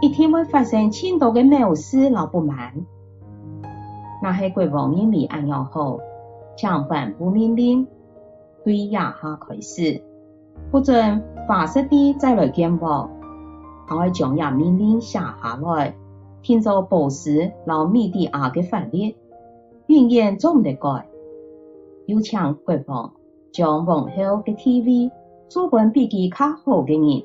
一天會發生千多嘅妙事，老不滿。那喺國王因為暗樣後，將頒布命令對亞哈開始，不准法式的再來見我，我會將亞命令寫下來，聽着波斯老米底亞個法律，永遠再唔得改，有請國王將王后、哦、的 TV 主管俾啲較好嘅人。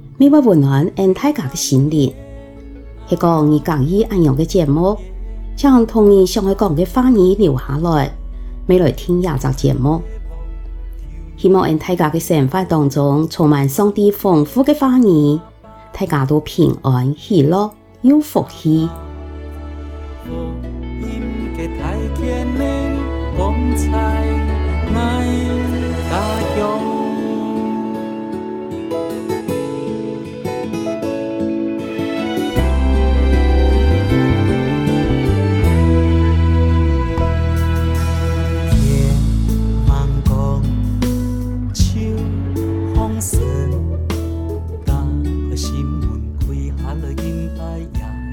乜會溫暖恩大家的心靈，係講你合意恁樣嘅節目，將同你想愛講嘅話語留下來，乜來訂這隻節目，希望恩大家嘅生活當中充滿上帝豐富嘅話語，大家都平安喜樂，有福氣。